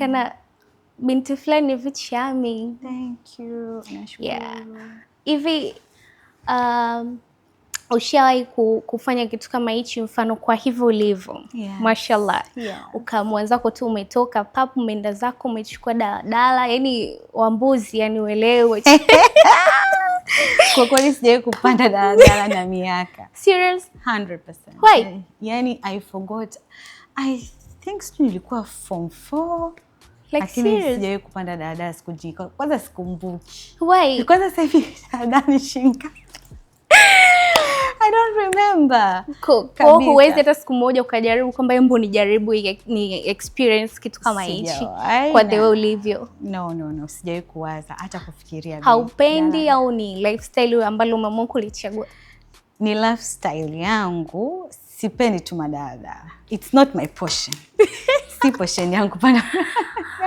unaonekana binti fulani hivi charming. Thank you. Nashukuru. Yeah. Hivi um, ushawahi kufanya kitu kama hichi, mfano kwa hivyo ulivyo? Yes. Mashallah. Yeah. Ukamwanzako tu umetoka papu, umeenda zako, umechukua daladala, yani wambuzi, yani uelewe Kwa kweli sijawahi kupanda daladala na miaka. Serious? 100%. Why? Yani I forgot. I think sijui ilikuwa form 4 lakini kupanda daladala kwanza sikumbuki. Kwanza shinga I don't remember. Kwa huwezi hata siku moja ukajaribu kwamba embo nijaribu ni experience kitu kama hichi kwa the way ulivyo? No, no, no, kuwaza hata kufikiria. Haupendi au ni lifestyle ambalo umeamua kulichagua? Ni lifestyle yangu Sipendi tu madada. It's not my portion. Si portion yangu pana.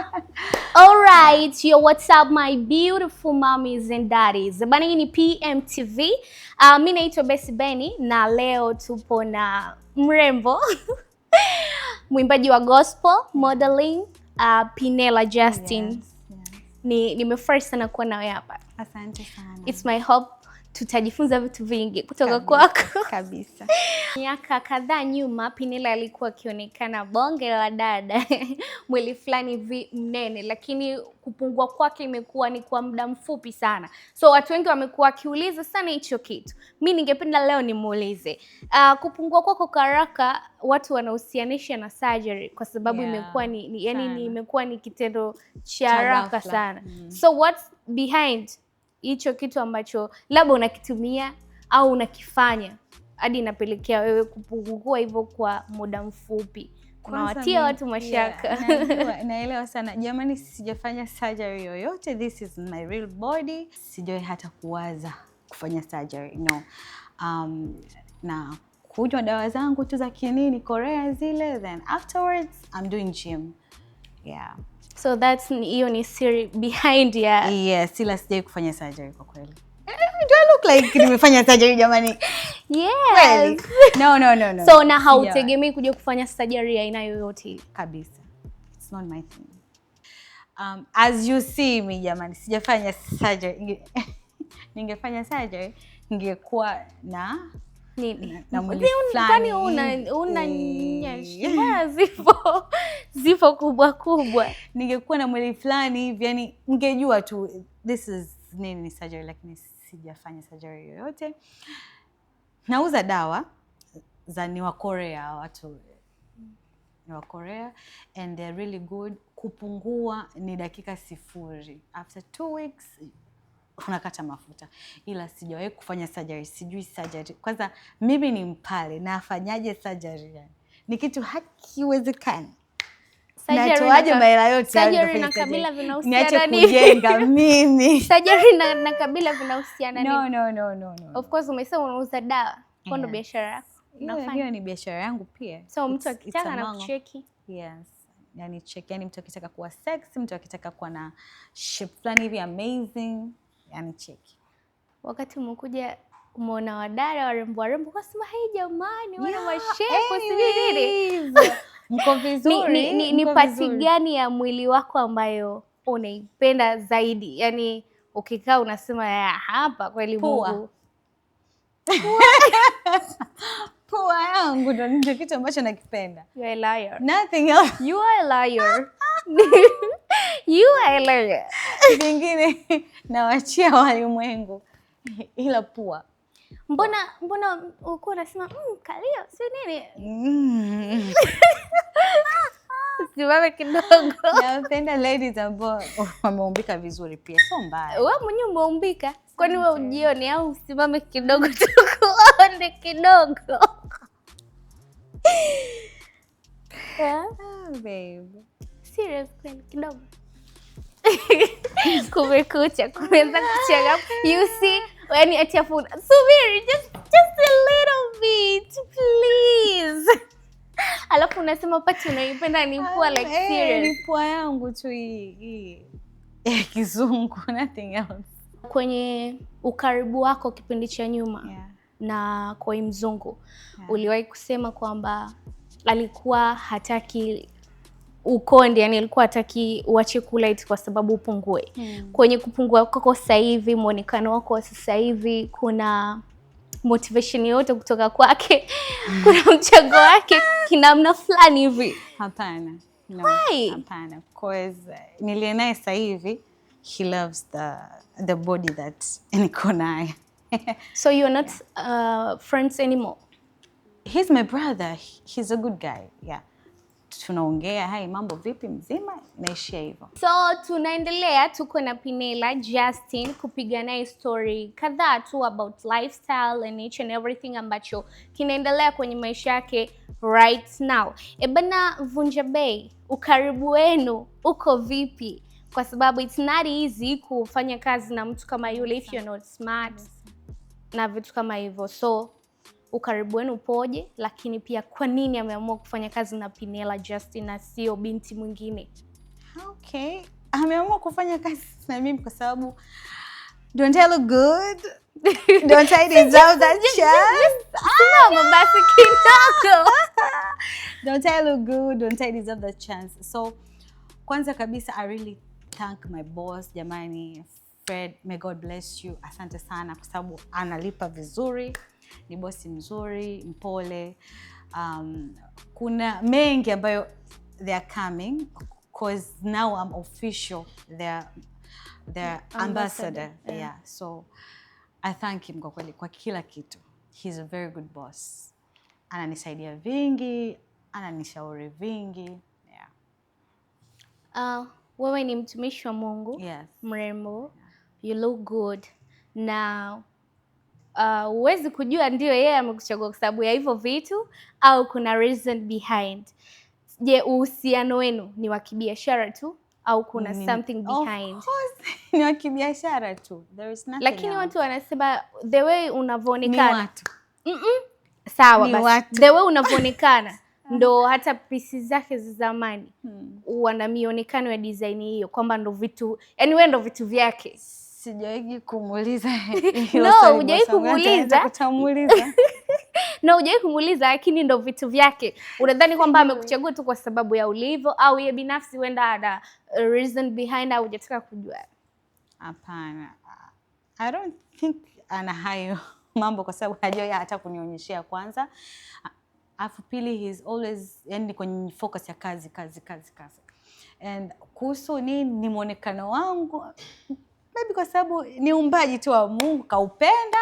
All right, yo, what's up my beautiful mommies and daddies. Bana, hii ni PMTV. Uh, ah, mimi naitwa Bessy Benny na leo tupo na mrembo mwimbaji wa gospel, modeling, uh, Pinela Justin. Yes, yes. Ni nimefurahi sana kuwa nawe hapa. Asante sana. It's my hope tutajifunza vitu vingi kutoka kwako kabisa. Miaka kadhaa nyuma, pinela alikuwa akionekana bonge la dada mwili fulani hivi mnene, lakini kupungua kwake imekuwa ni kwa muda mfupi sana, so watu wengi wamekuwa wakiuliza sana hicho kitu. Mi ningependa leo nimuulize, uh, kupungua kwako kwa haraka watu wanahusianisha na surgery kwa sababu yeah, imekuwa ni, ni, yani, imekuwa ni kitendo cha haraka sana. Mm. So what's behind hicho kitu ambacho labda unakitumia au unakifanya hadi inapelekea wewe kupungua hivyo kwa muda mfupi. kunawatia watu mashaka. Yeah, naelewa sana jamani, sijafanya surgery yoyote, this is my real body. Sijawahi hata kuwaza kufanya surgery no. Um, na kunywa dawa zangu tu za kinini Korea zile, then afterwards I'm doing gym yeah. So that's hiyo ni siri behind ya yes, ila sijai kufanya surgery kwa kweli. Eh, do I look like nimefanya surgery jamani? Yes. No, no, no, no. So na hautegemei kuja kufanya surgery aina yoyote kabisa. It's not my thing. Um, as you see me jamani, sijafanya surgery. Ningefanya surgery ningekuwa na Kani una, zipo zipo kubwa kubwa. Ningekuwa na mwili fulani hivi yani, ngejua tu this is nini ni surgery, lakini sijafanya surgery yoyote. Nauza dawa za ni wa Korea, watu ni wa Korea and they're really good. Kupungua ni dakika sifuri after two weeks unakata mafuta, ila sijawahi kufanya surgery, sijui surgery. Kwanza mimi ni mpale, na afanyaje surgery? Yani ni kitu hakiwezekani. Natoaje mahela yote? Surgery na kabila vinahusiana nini? Niache kujenga mimi. Surgery na, na kabila vinahusiana nini? No, no, no, no, no. Of course umesema unauza dawa, kwa ndo biashara yako. Hiyo ni biashara yangu pia. So mtu akitaka na kucheki. Yes. Yani check, yani mtu akitaka kuwa sexy, mtu akitaka kuwa na shape fulani hivi amazing yani cheki. Wakati umekuja umeona wadada warembo warembo, kasema hei, jamani, wana mashepu sijui nini, mko vizuri. Ni, ni, ni pati gani ya mwili wako ambayo unaipenda zaidi? Yani ukikaa unasema ya hapa kweli Mungu pua yangu ndo ndio kitu ambacho nakipenda. You are a liar. Nothing else. You are a liar. you are Vingine nawachia walimwengu, ila pua Mbona mbona ukuwa unasema mm, kalio si nini? Mm. Simame kidogo. Napenda ladies ambao wameumbika vizuri pia, sio mbaya. Wewe mwenyewe umeumbika, kwani wewe ujioni au usimame kidogo tukuone kidogo? Yeah. Oh, babe serious kweli kidogo. Kumekucha, kumeanza kucheka You see, yani ati afu subiri just just a little bit please. Alafu unasema pati unaipenda ni pua ah, like eh, serious. Ni pua yangu tu hii ya eh, kizungu nothing else. Kwenye ukaribu wako kipindi cha nyuma yeah, na kwa mzungu yeah, uliwahi kusema kwamba alikuwa hataki ukonde, yani alikuwa hataki uache kula kwa sababu upungue. Hmm. Kwenye kupungua kwako sasa hivi, muonekano wako wa sasa hivi, kuna motivation yoyote kutoka kwake? Hmm. Kuna mchango wake kinamna fulani hivi? Hapana. No, hapana. Because nilie naye sasa hivi he loves the the body that niko naye. So you are not yeah. uh, friends anymore? He's my brother. He's a good guy. Yeah tunaongea hai, mambo vipi, mzima, naishia hivyo. So tunaendelea, tuko na Pinela Justin kupiga naye story kadhaa tu about lifestyle and each and everything ambacho kinaendelea kwenye maisha yake right now. Ebana eh, Vunja Bay, ukaribu wenu uko vipi? Kwa sababu it's not easy kufanya kazi na mtu kama yule if you're not smart na vitu kama hivyo so ukaribu wenu upoje, lakini pia kwa nini ameamua kufanya kazi na Pinela Justin na sio binti mwingine? Okay, ameamua kufanya kazi na mimi kwa sababu don't I look good? Don't I deserve that chance? Ah, Mabasi kidogo. Don't I look good? Don't I deserve that chance? So kwanza kabisa I really thank my boss jamani, Fred, may God bless you. Asante sana kwa sababu analipa vizuri ni bosi mzuri, mpole. Um, kuna mengi ambayo they are coming because now I'm official their their ambassador. Yeah. Yeah. So I thank him kwa kweli kwa kila kitu. He's a very good boss. Ananisaidia vingi, ananishauri vingi. Yeah. Uh, wewe ni mtumishi wa Mungu. Yes. Mrembo. Yeah. You look good. Now Uh, huwezi uh, kujua ndio yeye amekuchagua kwa sababu ya hivyo vitu au kuna reason behind. Je, uhusiano wenu ni wa kibiashara tu au kuna mm, something behind? Of course ni wa kibiashara tu, there is nothing. Lakini watu wanasema the way unavyoonekana mm -mm. Sawa basi, the way unavyoonekana ah. ndo hata pisi zake za zamani hmm. Wana mionekano ya design hiyo kwamba ndo vitu, yani wewe ndo vitu vyake Sijawahi kumuuliza. No, hujawahi kumuuliza. Na hujawahi kumuuliza, lakini ndo vitu vyake. Unadhani kwamba amekuchagua tu kwa sababu ya ulivyo au yeye binafsi huenda ana reason behind au hujataka kujua? Hapana. I don't think ana hayo mambo kwa sababu hajawai hata kunionyeshea kwanza. Afu pili he is always yani kwenye focus ya kazi kazi kazi kazi. And kuhusu nini ni mwonekano wangu maybe kwa sababu ni umbaji tu wa Mungu, kaupenda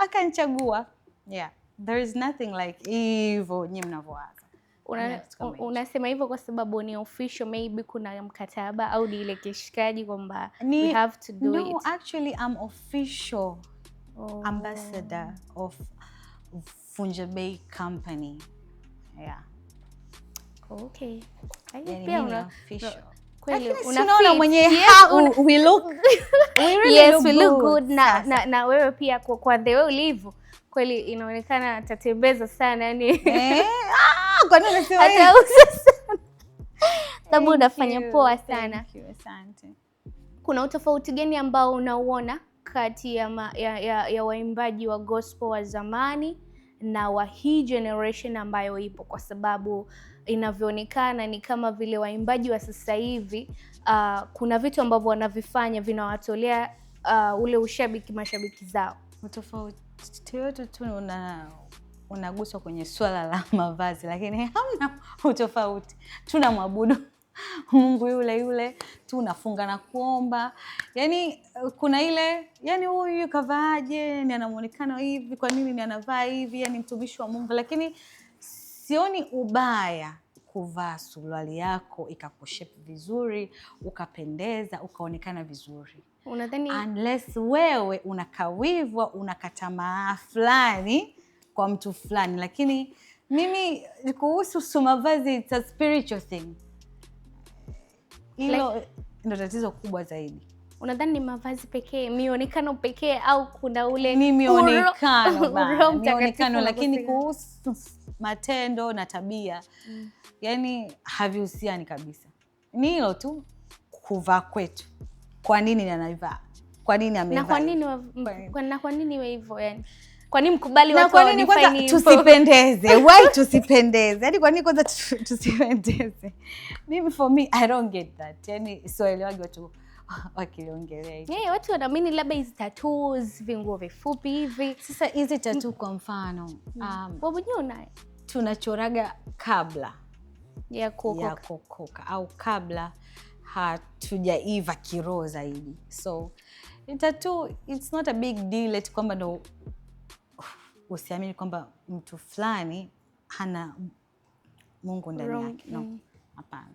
akanichagua. Aka yeah, there is nothing like hivyo nyinyi mnavyowaza. Una, unasema hivyo kwa sababu ni official, maybe kuna mkataba au ni ile kishikaji kwamba we have to do no, it. No, actually I'm official oh, ambassador of Funja Bay Company. Yeah. Okay. Yaani, pia una, official. No, na, wewe pia kwa, kwa the way ulivyo kweli inaonekana atatembeza sana yani eh, ah, Sababu unafanya poa sana. asante. Kuna utofauti gani ambao unauona kati ya, ya, ya, ya waimbaji wa gospel wa zamani na wa hii generation ambayo ipo, kwa sababu inavyoonekana ni kama vile waimbaji wa sasa hivi uh, kuna vitu ambavyo wanavifanya vinawatolea uh, ule ushabiki mashabiki zao. Utofauti tu una unaguswa kwenye swala la mavazi, lakini hamna utofauti, tunamwabudu Mungu yule yule tu, unafunga na kuomba. Yani kuna ile yani, huyu kavaaje, ni ana hivi, kwa nini ni anavaa hivi? Yani mtumishi wa Mungu, lakini sioni ubaya kuvaa suruali yako ikakushep vizuri, ukapendeza, ukaonekana vizuri. Unadhani unless wewe unakawivwa, unakatamaa fulani kwa mtu fulani, lakini mimi kuhusu mavazi, it's a spiritual thing hilo like, ndo tatizo kubwa zaidi. Unadhani ni mavazi pekee, mionekano pekee, au kuna ule ni mionekano, mionekano lakini kuhusu matendo na tabia mm, yani havihusiani kabisa. Ni hilo tu kuvaa kwetu, kwa nini anaivaa, kwa nini amevaa, na kwa nini hivyo yani kwa nini mkubali watu wa nini kwanza tusipendeze? Why tusipendeze? Yani kwa nini kwanza tusipendeze? Mimi for me I don't get that. Yaani siwaelewagi watu wakiliongelea hivi. Yeah, watu wanaamini labda hizi tattoos, vinguo vifupi hivi. Sasa hizi tattoo kwa mfano. Mm. Um, unaye Tunachoraga kabla ya kuokoka. Ya kuokoka au kabla hatujaiva kiroho zaidi. So tattoo it's not a big deal eti kwamba ndo usiamini kwamba mtu fulani hana Mungu ndani yake. No, hapana.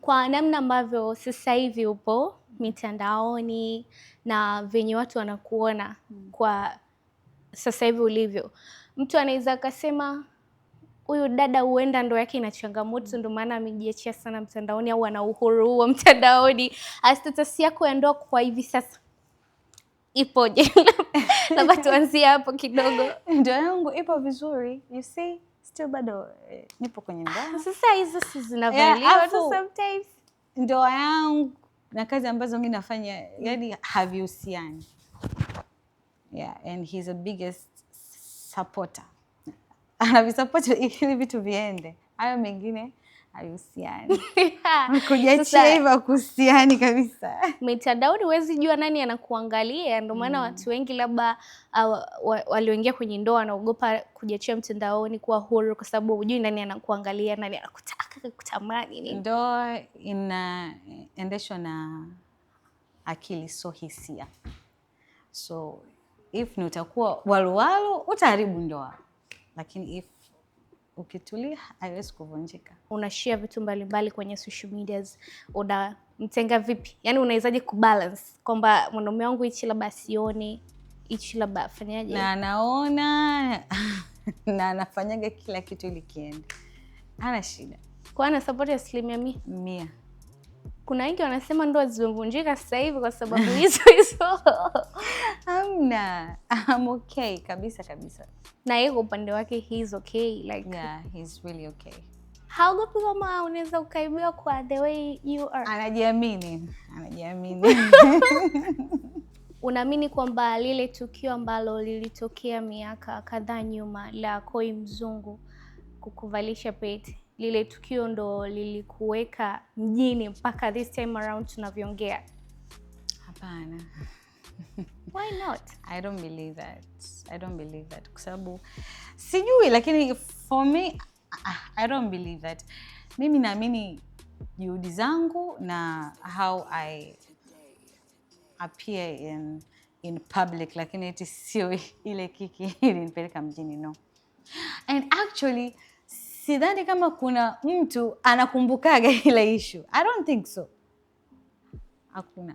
Kwa namna ambavyo sasa hivi upo mitandaoni na venye watu wanakuona hmm. kwa sasa hivi ulivyo, mtu anaweza akasema huyu dada huenda ndo yake ina changamoto, ndo maana amejiachia sana mtandaoni, au ana uhuru huo mtandaoni. Status yako ya ndoa kwa hivi sasa ipoje? Labda tuanzie hapo kidogo. Ndoa yangu ipo vizuri, you see still bado eh, nipo kwenye ndoa. Ah, sasa hizo si zinavaliwa tu sometimes. Ndoa yangu na kazi ambazo mi nafanya yani havihusiani. Yeah, and he's the biggest supporter. Anavisapoti ili vitu viende, hayo mengine havihusiani yeah. Kujiachia hivyo hakuhusiani kabisa. Mitandaoni huwezi jua nani anakuangalia, ndio maana mm. watu wengi labda uh, walioingia kwenye ndoa wanaogopa kujiachia mtandaoni, kuwa huru, kwa sababu hujui nani anakuangalia, nani anakutaka kutamani. Ndoa inaendeshwa na akili, so hisia. So if ni utakuwa walowalo, utaharibu ndoa, lakini if ukitulia haiwezi kuvunjika. unashia vitu mbalimbali kwenye social medias, unamtenga vipi? Yani unawezaje kubalance kwamba mwanaume wangu hichi labda asione hichi labda afanyaje, na anaona na anafanyaga kila kitu ili kiende, ana shida kwa ana support asilimia mia mia kuna wengi wanasema ndoa zimevunjika sasa hivi kwa sababu hizo hizo. Amna, I'm okay kabisa kabisa, na yeye kwa upande wake he's okay like, yeah, he's really okay. Haogopi kama unaweza ukaibiwa kwa the way you are. Anajiamini, anajiamini. Unaamini kwamba lile tukio ambalo lilitokea miaka kadhaa nyuma la koi mzungu kukuvalisha pete lile tukio ndo lilikuweka mjini mpaka this time around tunavyoongea? Hapana. Why not? I don't believe that. I don't believe that. Kwa sababu sijui, lakini for me I don't believe that. Mimi naamini juhudi zangu na how I appear in in public, lakini eti sio ile kiki ilinipeleka mjini, no. And actually sidhani kama kuna mtu anakumbukaga ile issue. I don't think so. Hakuna.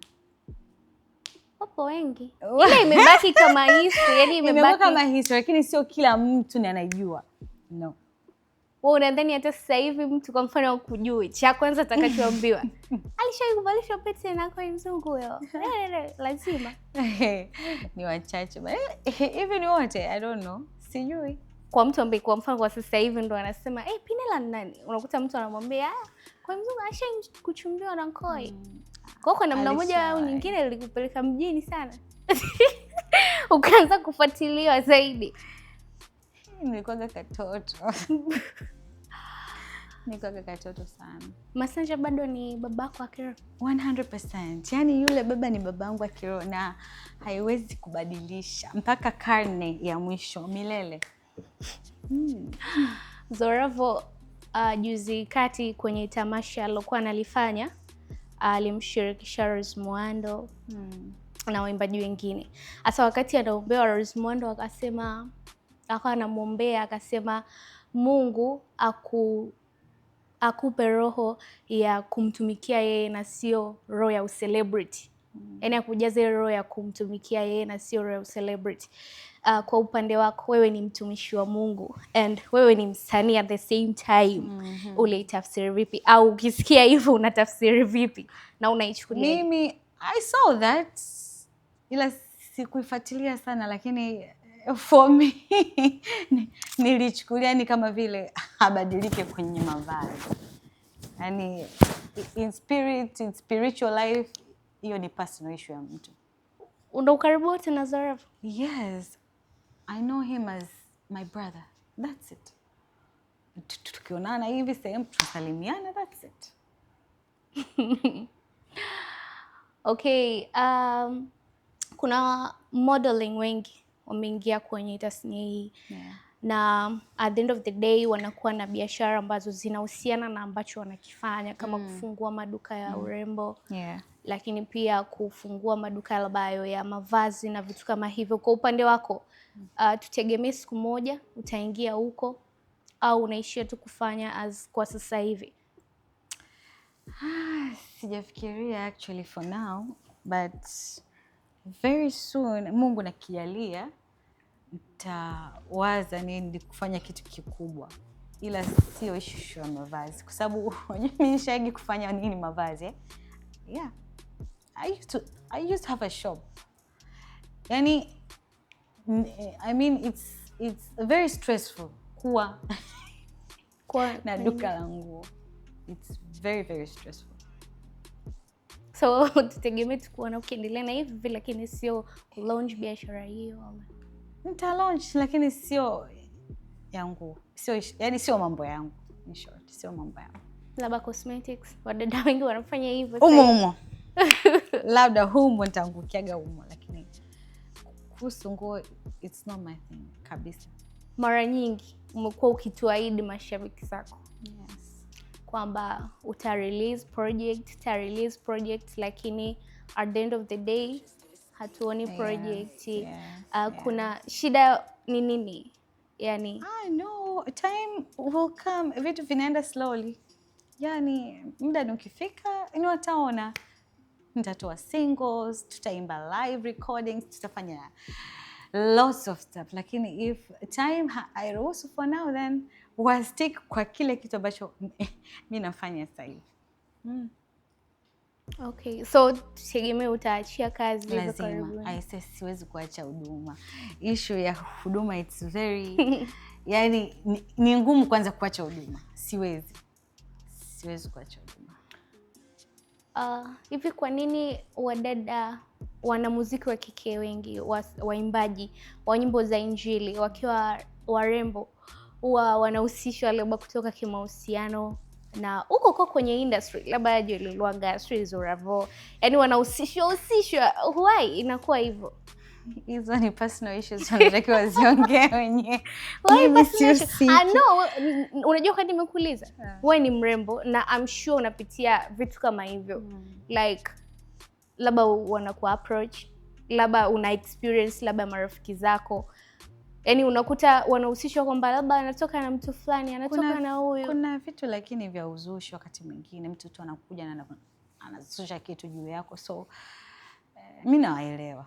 Wapo wengi. Ile imebaki kama history, yani imebaki kama history, lakini sio kila mtu ni anajua. No. Wewe unadhani hata sasa hivi mtu kwa mfano ukujui cha kwanza atakachoambiwa alishawahi kuvalishwa pete na kwa mzungu huyo. Yaani lazima. Ni wachache. Hivi eh, eh, ni wote? I don't know. Sijui kwa mtu ambaye kwa mfano kwa sasa hivi ndo anasema hey, eh, Pinela ni nani? Unakuta mtu anamwambia ah, kwa mzungu asha kuchumbiwa na Nkoi mm. Kwa kwa namna moja au nyingine ilikupeleka mjini sana ukaanza kufuatiliwa zaidi. Nilikuwa katoto nikaka katoto sana. Masanja bado ni babako wa kiroho 100%. Yani yule baba ni babangu wa kiroho na haiwezi kubadilisha mpaka karne ya mwisho milele. Hmm. Zoravo uh, juzi kati kwenye tamasha alokuwa analifanya alimshirikisha Rose Muhando hmm. na waimbaji wengine. Hasa wakati anaombewa Rose Muhando akasema, akawa anamwombea akasema, Mungu aku akupe roho ya kumtumikia yeye na sio roho ya ucelebrity, hmm. yaani akujaze roho ya kumtumikia yeye na sio roho ya ucelebrity uh, kwa upande wako wewe ni mtumishi wa Mungu and wewe ni msanii at the same time mm -hmm. Uliitafsiri vipi au ukisikia hivyo unatafsiri vipi na unaichukulia? Mimi I saw that ila sikuifuatilia sana lakini eh, for me nilichukulia ni kama vile abadilike kwenye mavazi, yani in spirit, in spiritual life, hiyo ni personal issue ya mtu. una ukaribu wote na Zarafu? Yes, I know him as my brother. That's it. Tukionana hivi sehemu tunasalimiana, that's it. Okay, um, kuna modeling wengi wameingia kwenye tasnia hii yeah. Na at the end of the day wanakuwa na biashara ambazo zinahusiana na ambacho wanakifanya kama mm. kufungua maduka ya mm. urembo yeah lakini pia kufungua maduka ambayo ya mavazi na vitu kama hivyo. Kwa upande wako, uh, tutegemee siku moja utaingia huko au unaishia tu kufanya as kwa sasa hivi? Ah, sijafikiria actually for now but very soon, Mungu nakijalia, nitawaza nini kufanya kitu kikubwa, ila sio issue ya mavazi, kwa sababu mimi nishagi kufanya nini mavazi eh? yeah I used to, I used to have a shop. Yani, I mean it's, it's very stressful kuwa na duka la nguo. It's very very stressful. So tutegemee tukuona ukiendelea na hivi, lakini sio launch biashara hiyo. Nita launch lakini sio yangu, sio yani, sio mambo yangu. In short, sio mambo yangu. Laba cosmetics, wadada wengi wanafanya hivyo. Umo umo labda humo nitaangukiaga humo, lakini kuhusu nguo it's not my thing kabisa. Mara nyingi umekuwa ukituahidi mashabiki zako yes, kwamba uta release project, uta release project, lakini at the end of the day hatuoni project. Yes, yes, uh, ah, yes. Kuna shida ni nini? Yani I know time will come, vitu vinaenda slowly, yani muda ni ukifika ni wataona nitatoa singles, tutaimba live recordings, tutafanya lots of stuff, lakini if time hairuhusu for now then we'll stick kwa kile kitu ambacho mi nafanya sasa hivi mm. Okay, so tegemea utaachia kazi hizo karibuni? Lazima, siwezi kuacha huduma. Issue ya huduma it's very yani ni, ni ngumu kwanza kuacha huduma, siwezi siwezi kuacha huduma. Uh, hivi uh, kwa nini wadada wanamuziki wa kike wengi waimbaji wa, wa nyimbo za Injili wakiwa warembo huwa wanahusishwa labda kutoka kimahusiano na huko kwa kwenye industry labda Joel Lwaga, Zuhra Zoravo, yani wanahusishwa husishwa, huwai inakuwa hivyo hizo ni personal issues wanatakiwa ziongee wenyewe. Unajua, kwani nimekuuliza wewe ni mrembo na I'm sure unapitia vitu kama hivyo mm. like labda wanakuwa approach, labda una experience, labda marafiki zako yani unakuta wanahusishwa kwamba labda anatoka na mtu fulani, anatoka kuna, na huyu. Kuna vitu lakini vya uzushi, wakati mwingine mtu tu anakuja na anazusha kitu juu yako, so eh, mi nawaelewa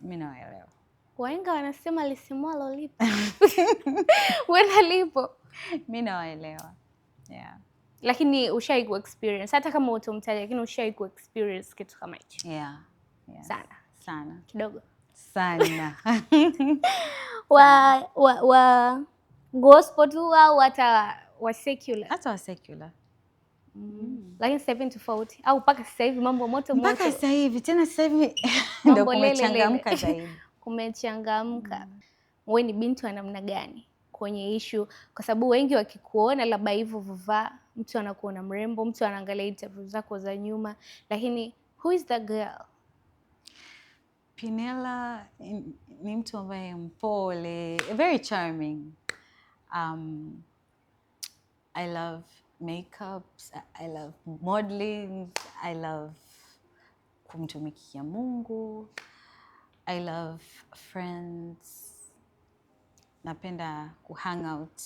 mi nawaelewa waenga wanasema lisimwalo lipo wena lipo, mi nawaelewa yeah. Lakini ushai ku experience hata kama utomtaja, lakini ushai ku experience kitu kama hicho yeah. Yeah. sana sana kidogo sana wa wa wa gospel tu au hata wa secular, hata wa secular mm. Lakini sasa hivi ni tofauti, au mpaka sasa hivi mambo moto moto, mpaka sasa hivi tena sasa hivi ndio kumechangamka zaidi kumechangamka. mm. Wewe ni binti wa namna gani kwenye ishu? Kwa sababu wengi wakikuona labda hivyo vuvaa, mtu anakuona mrembo, mtu anaangalia interview zako za nyuma, lakini who is the girl? Pinela ni mtu ambaye mpole, very charming. Um, I love makeups, I love modeling, I love kumtumikia Mungu, I love friends. Napenda kuhang out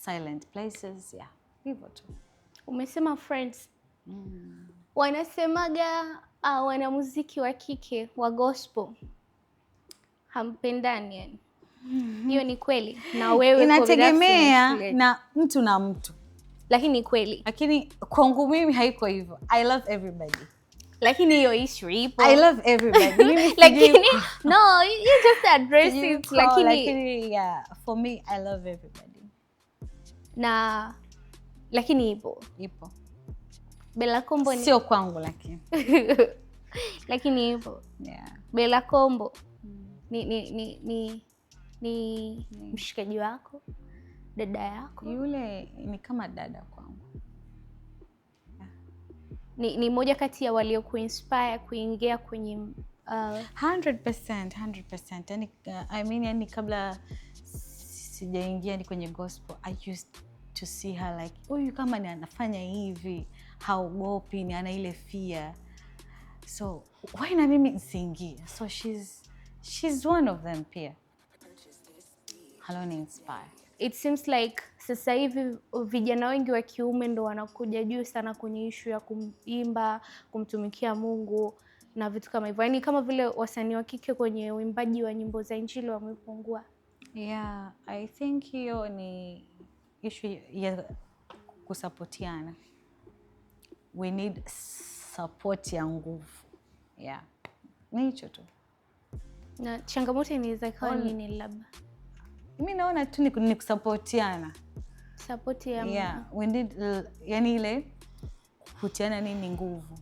silent places, yeah, hivyo tu. Umesema friends mm. Wanasemaga uh, wanamuziki wa kike wa gospel hampendani yani. Mm-hmm. Hiyo ni kweli na wewe? Inategemea na mtu na mtu lakini kweli, lakini kwangu mimi haiko hivyo. I love everybody lakini hiyo issue ipo. I love everybody. Lakini no, you just address it. Lakini lakini yeah, for me I love everybody. Na lakini ipo. Ipo. Bella Kombo ni sio kwangu lakini. Lakini ipo. Yeah. Bella Kombo mm. ni ni ni ni, ni, ni mm. mshikaji wako dada yako? Yule ni kama dada kwangu. Ni, ni moja kati ya waliokuinspire kuingia kwenye uh... 100%, 100%. Yani, uh, I mean, yani kabla sijaingia ni kwenye gospel I used to see her like huyu kama ni anafanya hivi haogopi, ni ana ile fear, so why na mimi nisiingie? So she's she's one of them pia. halo ni inspire it seems like sasa hivi vijana wengi wa kiume ndo wanakuja juu sana kwenye ishu ya kuimba, kumtumikia Mungu na vitu kama hivyo, yaani kama vile wasanii wa kike kwenye uimbaji wa nyimbo za Injili wamepungua. Yeah, I think hiyo ni ishu ya kusapotiana. We need support ya nguvu. Yeah, ni hicho tu. Na changamoto inaweza ikawa nini labda mi naona tu ni kusapotiana, support ya yeah, we need, uh, yani ile kutiana nini nguvu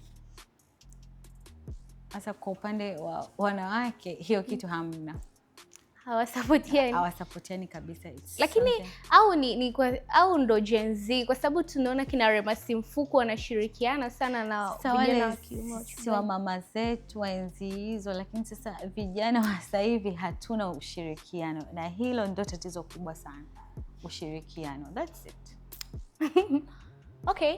hasa kwa upande wa wanawake hiyo kitu hamna hawasapotiani hawasapotiani kabisa, lakini au ni, ni kwa, au ndo Gen Z kwa sababu tunaona kina Rema Simfuku wanashirikiana sana na vijana wa kiume, si wa mama zetu wa enzi hizo, lakini sasa vijana wa sasa hivi hatuna ushirikiano, na hilo ndio tatizo kubwa sana, ushirikiano. That's it. Okay,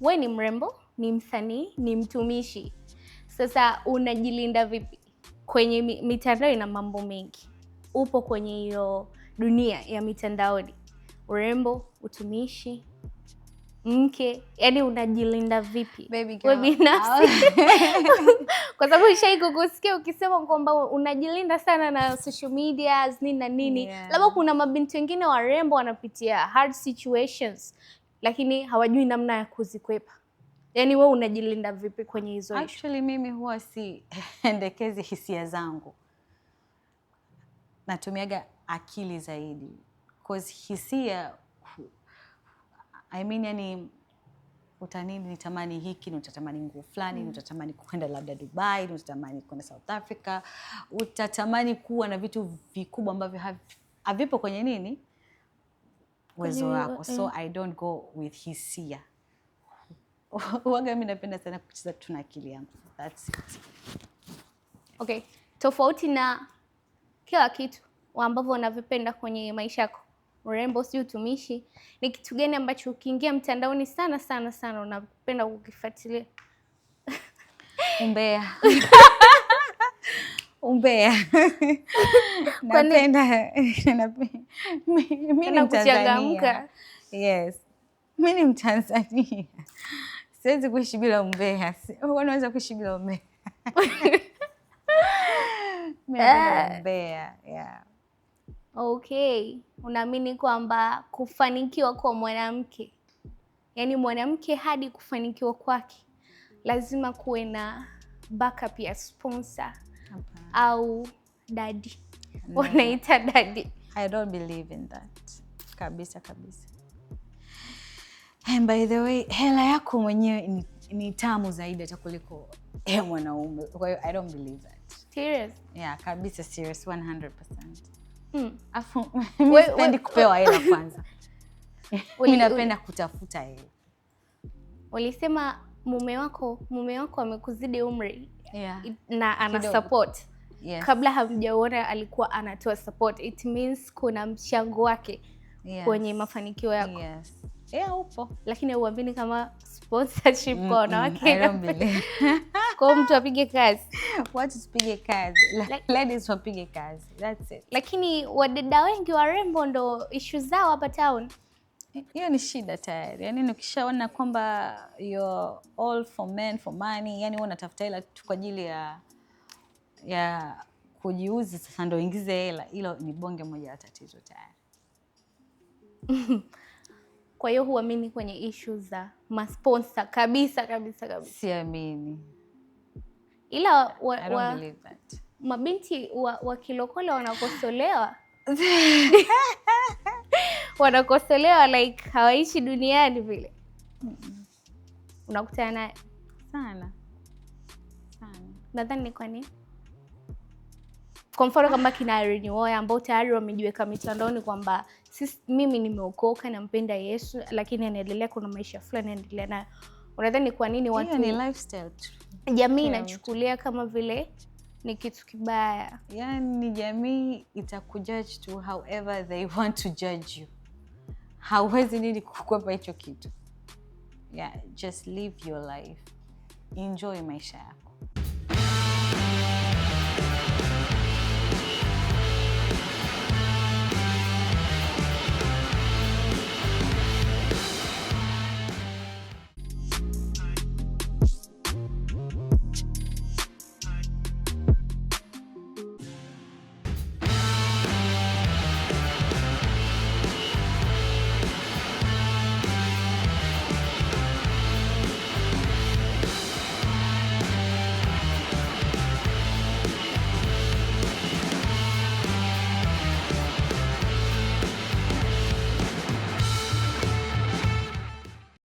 we ni mrembo, ni msanii, ni mtumishi, sasa unajilinda vipi kwenye mitandao? Ina mambo mengi upo kwenye hiyo dunia ya mitandaoni, urembo, utumishi, mke, yani unajilinda vipi wewe binafsi? Kwa sababu ishai kukusikia ukisema kwamba unajilinda sana na social media nini na nini, yeah. Labda kuna mabinti wengine warembo wanapitia hard situations lakini hawajui namna ya kuzikwepa. yani wewe unajilinda vipi kwenye hizo? Actually mimi huwa siendekezi hisia zangu natumiaga akili zaidi cause hisia I mean, yani utanini nitamani hiki, nitatamani nguo fulani mm. Utatamani kwenda labda Dubai, utatamani kwenda South Africa, utatamani kuwa na vitu vikubwa ambavyo havipo kwenye nini uwezo wako, so eh. I don't go with hisia. Uwaga mimi napenda sana kucheza tu na akili yangu. That's it. Okay, tofauti na kila kitu ambavyo unavipenda kwenye maisha yako, urembo, si utumishi, ni kitu gani ambacho ukiingia mtandaoni sana sana sana unapenda kukifuatilia? Umbea. Umbea. Napenda mimi ni Mtanzania. Yes. Mimi ni Mtanzania. Siwezi kuishi bila umbea. Unaweza kuishi bila umbea? yeah. Mbea, yeah. Okay, unaamini kwamba kufanikiwa kwa mwanamke, yaani mwanamke hadi kufanikiwa kwake lazima kuwe na backup ya sponsor okay. au dadi no. Unaita dadi. I don't believe in that kabisa kabisa. And by the way, hela yako mwenyewe ni ni tamu zaidi hata kuliko eh, mwanaume. Kwa hiyo I don't believe that. Serious? Yeah, kabisa serious 100%. Mm. Afu mimi sipendi kupewa hela kwanza. Mimi napenda kutafuta hela. Ulisema mume wako mume wako amekuzidi umri. Yeah. Na ana Kidogo. support. Yes. Kabla hamjaona alikuwa anatoa support. It means kuna mchango wake yes. kwenye mafanikio yako. Yes yeah, upo lakini auambini kama sponsorship kwa wanawake kwa mtu apige kazi, watu tupige kazi, ladies wapige kazi, that's it. Lakini wadada wengi warembo ndo ishu zao hapa town. Hiyo ni shida tayari, Yani ukishaona kwamba you're all for men for money, yani wewe unatafuta hela tu kwa ajili ya ya kujiuzi, sasa ndo ingize hela, hilo ni bonge moja la tatizo tayari Kwa hiyo huamini kwenye ishu za masponsa kabisa kabisa kabisa, siamini. Ila wa, wa, mabinti wa, wa kilokole wanakosolewa wanakosolewa like hawaishi duniani vile. mm -mm. Unakutana naye sana sana, nadhani ni kwani kwa mfano kama kina Irene Uwoya ambao tayari wamejiweka mitandaoni kwamba sisi, mimi nimeokoka, nampenda Yesu, lakini anaendelea kuna maisha fulani anaendelea nayo. Unadhani kwa nini watu ni lifestyle jamii inachukulia kama vile ni kitu kibaya? Yani jamii itakujudge tu however they want to judge you, hauwezi nini kukwepa hicho kitu. Yeah, just live your life, enjoy maisha yako.